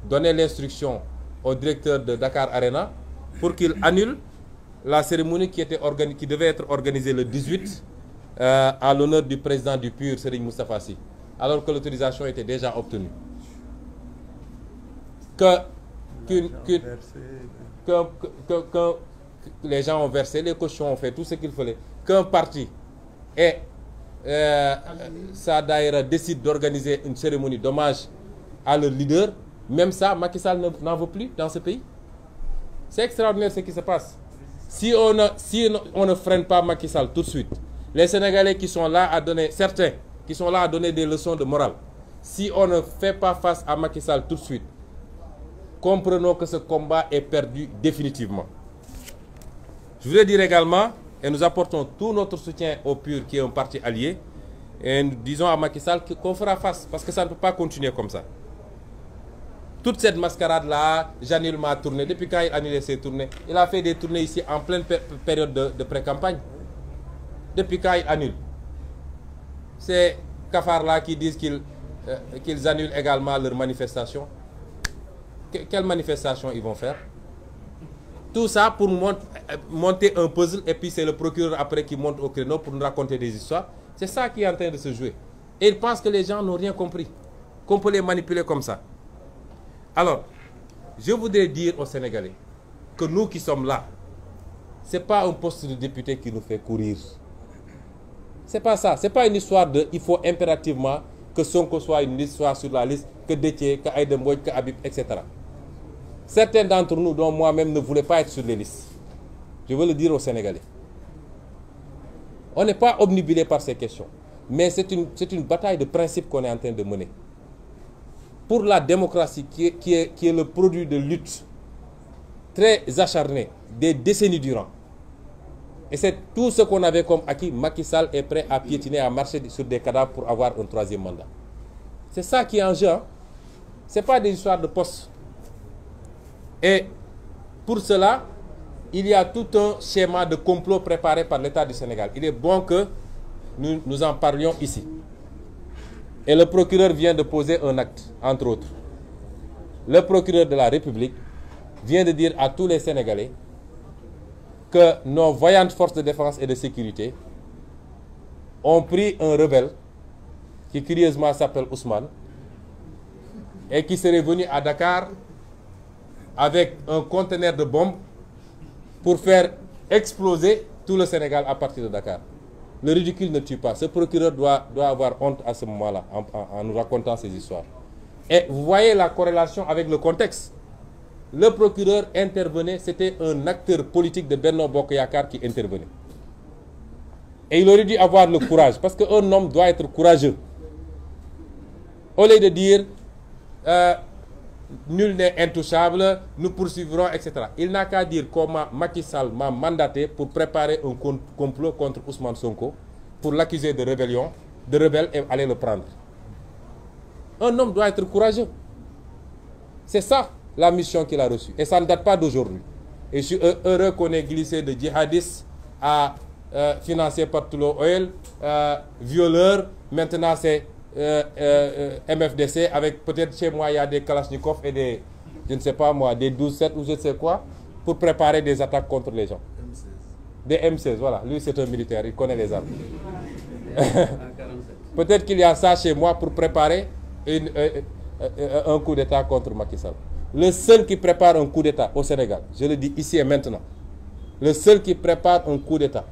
donné l'instruction au directeur de Dakar Arena pour qu'il annule la cérémonie qui, était qui devait être organisée le 18 euh, à l'honneur du président du PUR, Serigne Moustapha alors que l'autorisation était déjà obtenue. Que, les gens ont versé, les cochons ont fait tout ce qu'il fallait. Qu'un parti ait Saddaïra euh, sa décide d'organiser une cérémonie d'hommage à leur leader, même ça, Macky Sall n'en veut plus dans ce pays. C'est extraordinaire ce qui se passe. Si on, ne, si on ne freine pas Macky Sall tout de suite, les Sénégalais qui sont là à donner, certains qui sont là à donner des leçons de morale, si on ne fait pas face à Macky Sall tout de suite, comprenons que ce combat est perdu définitivement. Je voudrais dire également et nous apportons tout notre soutien au PUR, qui est un parti allié. Et nous disons à Macky Sall qu'on fera face, parce que ça ne peut pas continuer comme ça. Toute cette mascarade-là, j'annule ma tournée. Depuis quand il a annulé ses tournées Il a fait des tournées ici en pleine période de, pré-campagne. Depuis quand il annule Ces cafards-là qui disent qu'ils euh, annulent également leurs manifestations. quelle quelles manifestations ils vont faire Tout ça pour, montrer euh, monter un puzzle et puis c'est le procureur après qui monte au créneau pour nous raconter des histoires. C'est ça qui est en train de se jouer. Et il pense que les gens n'ont rien compris, qu'on peut les manipuler comme ça. Alors, je voudrais dire aux Sénégalais que nous qui sommes là, ce n'est pas un poste de député qui nous fait courir. Ce n'est pas ça. Ce n'est pas une histoire de il faut impérativement que Sonko soit une histoire soit sur la liste, que Détier, que Aidemboy, que Habib, etc. Certains d'entre nous, dont moi-même, ne voulaient pas être sur les listes. Je veux le dire aux Sénégalais. On n'est pas obnubilé par ces questions. Mais c'est une, une bataille de principe qu'on est en train de mener. Pour la démocratie qui est, qui est, le produit de luttes très acharnées des décennies durant. Et c'est tout ce qu'on avait comme acquis. Macky Sall est prêt à piétiner, à marcher sur des cadavres pour avoir un troisième mandat. C'est ça qui est en jeu. Hein. Ce n'est pas des histoires de poste. Et pour cela, il y a tout un schéma de complot préparé par l'État du Sénégal. Il est bon que nous, en parlions ici. Et le procureur vient de poser un acte, entre autres. Le procureur de la République vient de dire à tous les Sénégalais que nos voyantes forces de défense et de sécurité ont pris un rebelle qui curieusement s'appelle Ousmane et qui serait venu à Dakar avec un conteneur de bombes pour faire exploser tout le Sénégal à partir de Dakar. Le ridicule ne tue pas. Ce procureur doit, doit avoir honte à ce moment-là en, nous racontant ces histoires. Et vous voyez la corrélation avec le contexte. Le procureur intervenait, c'était un acteur politique de Bernard Bokoyakar qui intervenait. Et il aurait dû avoir le courage, parce qu'un homme doit être courageux. Au lieu de dire, euh, nul n'est intouchable, nous poursuivrons, etc. Il n'a qu'à dire comment Macky Sall m'a mandaté pour préparer un complot contre Ousmane Sonko, pour l'accuser de rébellion, de rebelle et aller le prendre. Un homme doit être courageux. C'est ça la mission qu'il a reçue. Et ça ne date pas d'aujourd'hui. Et je suis heureux qu'on ait glissé de djihadistes à euh, financer par violeur Oil, euh, violeurs, maintenant c'est euh, euh, euh, MFDC avec peut-être chez moi il y a des Kalashnikov et des, je ne sais pas moi, des 12-7 ou je ne sais quoi, pour préparer des attaques contre les gens. Des M16, voilà. Lui c'est un militaire, il connaît les armes. peut-être qu'il y a ça chez moi pour préparer un coup d'État contre Macky Sall. Le seul qui prépare un coup d'État au Sénégal, je le dis ici et maintenant, le seul qui prépare un coup d'État,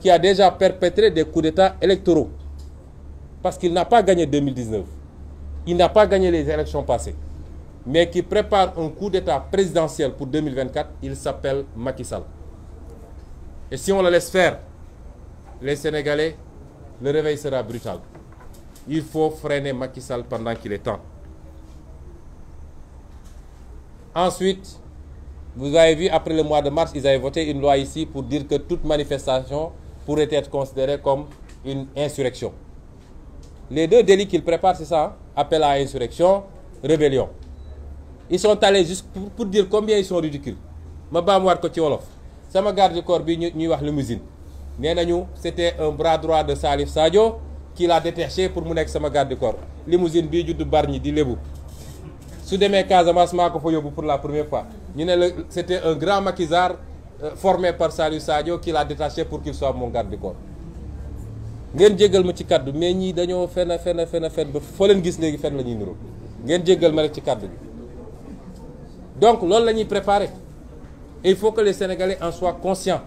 qui a déjà perpétré des coups d'État électoraux, parce qu'il n'a pas gagné 2019. Il n'a pas gagné les élections passées. Mais qui prépare un coup d'État présidentiel pour 2024, il s'appelle Macky Sall. Et si on le laisse faire, les Sénégalais, le réveil sera brutal. Il faut freiner Macky Sall pendant qu'il est temps. Ensuite, vous avez vu, après le mois de mars, ils avaient voté une loi ici pour dire que toute manifestation pourrait être considérée comme une insurrection. Les deux délits qu'ils préparent, c'est ça hein? appel à insurrection, rébellion. Ils sont allés juste pour, dire combien ils sont ridicules. Je vais vous Wolof. garde corps bi ñuy wax c'était un bras droit de Salif Sadio qui l'a détaché pour mon soit sama garde de corps limousine c'est judd Barni, di le su pour la première fois c'était un grand maquisard euh, formé par Salif Sadio qui l'a détaché pour qu'il soit mon garde de corps ngeen jéggal ma ci kàddu mais ñii dañoo fen fen fen fen ba foo leen gis léegi fen la ñuy nuru ngeen jéggal ma rek ci kàddu bi donc loolu la ñuy préparer et il faut que les sénégalais en soient conscients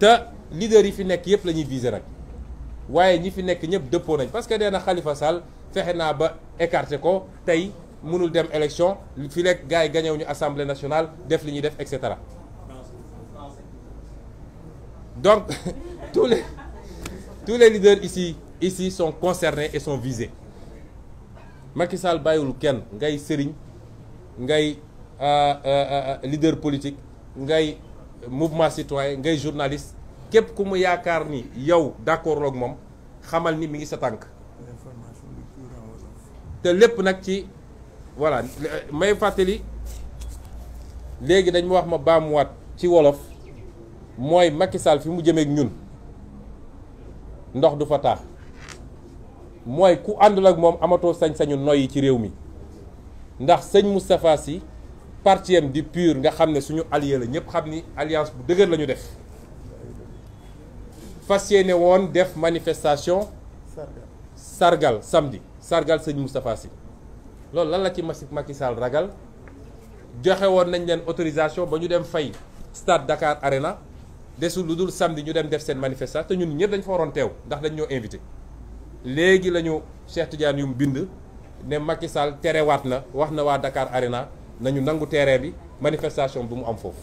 te leader yi fi nekk yëpp la ñuy viser nag waaye ñi fi nekk ñëpp dëppoo nañ parce que nee na Khalifa Sall fexe naa ba écarter ko tey mënul dem élection fi lekk gars yi gañewuñu assemblée nationale def li ñuy def et cetera. Donc, tous, les, tous les leaders ici, ici sont concernés et sont visés. Macky Sall un Ken, ngay euh, euh, euh, leader politique ngay mouvement citoyen ngay journaliste Kep ni d'accord ni voilà je suis Légui dañ wolof moy Macky fi mu suis ñun ndox du fa ku suis ak mom amato sañ-sañu noy ci mi ndax Moustapha si partiem du PUR nga suñu allié la alliance bu def manifestation sargal samedi sargal sëñ Moustapha si lan la ci ragal nañ leen autorisation dem fay stade Dakar Arena desul lu dul samedi ñu dem def sen manifestation té ñun ñëpp dañ fa nous teew ndax dañ ñoo invité légui lañu Cheikh Tidiane yum bind né Macky Sall terewaat na wax na wa Dakar Arena nañu nangu terrain bi manifestation bu mu am foofu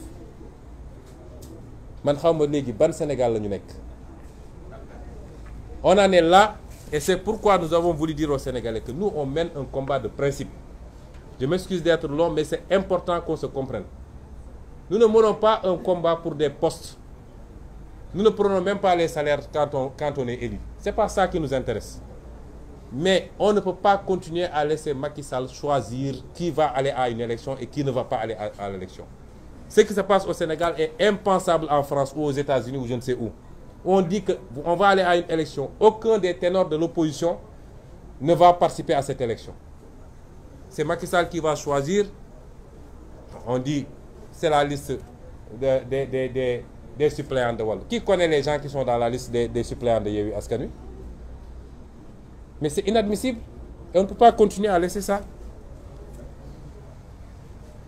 man xawma légui ban Sénégal lañu nek on en est là et c'est pourquoi nous avons voulu dire aux Sénégalais que nous on mène un combat de principe je m'excuse d'être long mais c'est important qu'on se comprenne nous ne menons pas un combat pour des postes nous ne prenons même pas les salaires quand on, est élu. Ce n'est pas ça qui nous intéresse. Mais on ne peut pas continuer à laisser Macky Sall choisir qui va aller à une élection et qui ne va pas aller à, l'élection. Ce qui se passe au Sénégal est impensable en France ou aux États-Unis ou je ne sais où. On dit qu'on va aller à une élection. Aucun des ténors de l'opposition ne va participer à cette élection. C'est Macky Sall qui va choisir. On dit c'est la liste des des suppléants de wall Qui connaît les gens qui sont dans la liste des, suppléants de Yehu Askanui Mais c'est inadmissible. Et on ne peut pas continuer à laisser ça.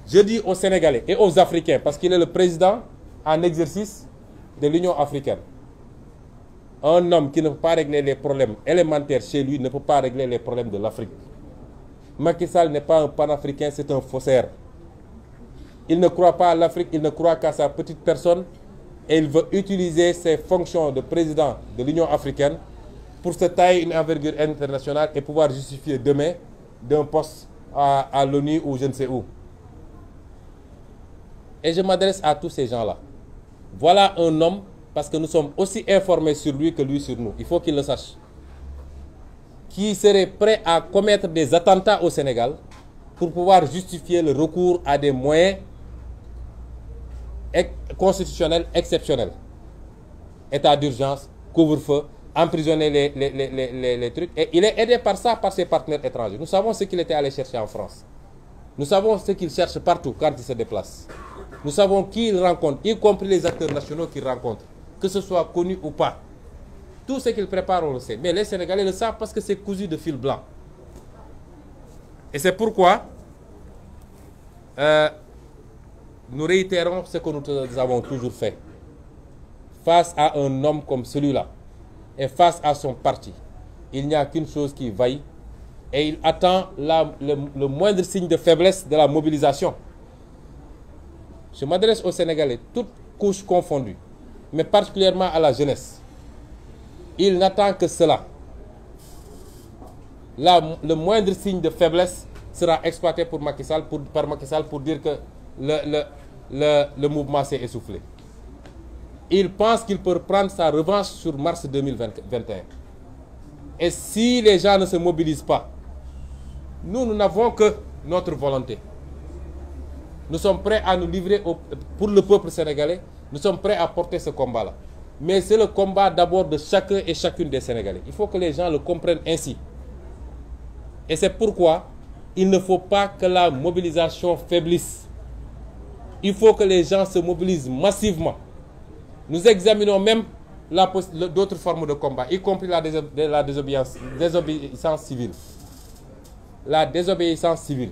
Je dis aux Sénégalais et aux Africains, parce qu'il est le président en exercice de l'Union africaine. Un homme qui ne peut pas régler les problèmes élémentaires chez lui ne peut pas régler les problèmes de l'Afrique. Macky Sall n'est pas un panafricain, c'est un faussaire. Il ne croit pas à l'Afrique, il ne croit qu'à sa petite personne et il veut utiliser ses fonctions de président de l'Union africaine pour se tailler une envergure internationale et pouvoir justifier demain d'un poste à, l'ONU ou je ne sais où. Et je m'adresse à tous ces gens-là. Voilà un homme, parce que nous sommes aussi informés sur lui que lui sur nous. Il faut qu'il le sache. Qui serait prêt à commettre des attentats au Sénégal pour pouvoir justifier le recours à des moyens constitutionnel exceptionnel État d'urgence, couvre-feu, emprisonner les, les, les, les, trucs. Et il est aidé par ça, par ses partenaires étrangers. Nous savons ce qu'il était allé chercher en France. Nous savons ce qu'il cherche partout quand il se déplace. Nous savons qui il rencontre, y compris les acteurs nationaux qu'il rencontre, que ce soit connu ou pas. Tout ce qu'il prépare, on le sait. Mais les Sénégalais le savent parce que c'est cousu de fil blanc. Et c'est pourquoi euh, nous réitérons ce que nous avons toujours fait. Face à un homme comme celui-là et face à son parti, il n'y a qu'une chose qui vaille et il attend le, moindre signe de faiblesse de la mobilisation. Je m'adresse aux Sénégalais, toutes couches confondues, mais particulièrement à la jeunesse. Il n'attend que cela. le moindre signe de faiblesse sera exploité pour Macky Sall, par Macky Sall pour dire que le, le, mouvement s'est essoufflé. Il pense qu'il peut prendre sa revanche sur mars 2021. Et si les gens ne se mobilisent pas, nous, nous n'avons que notre volonté. Nous sommes prêts à nous livrer pour le peuple sénégalais. Nous sommes prêts à porter ce combat-là. Mais c'est le combat d'abord de chacun et chacune des Sénégalais. Il faut que les gens le comprennent ainsi. Et c'est pourquoi il ne faut pas que la mobilisation faiblisse il faut que les gens se mobilisent massivement. Nous examinons même d'autres formes de combat, y compris la, désobéissance, désobéissance civile. La désobéissance civile.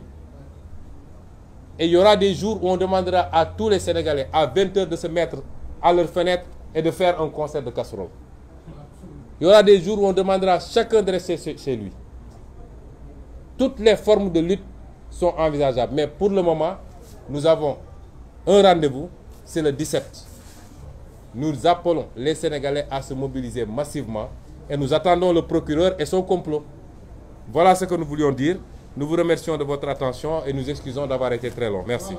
Et il y aura des jours où on demandera à tous les Sénégalais à 20 h de se mettre à leur fenêtre et de faire un concert de casserole. Il y aura des jours où on demandera à chacun de rester chez lui. Toutes les formes de lutte sont envisageables. Mais pour le moment, nous avons un rendez-vous, c'est le 17. Nous appelons les Sénégalais à se mobiliser massivement et nous attendons le procureur et son complot. Voilà ce que nous voulions dire. Nous vous remercions de votre attention et nous excusons d'avoir été très long. Merci.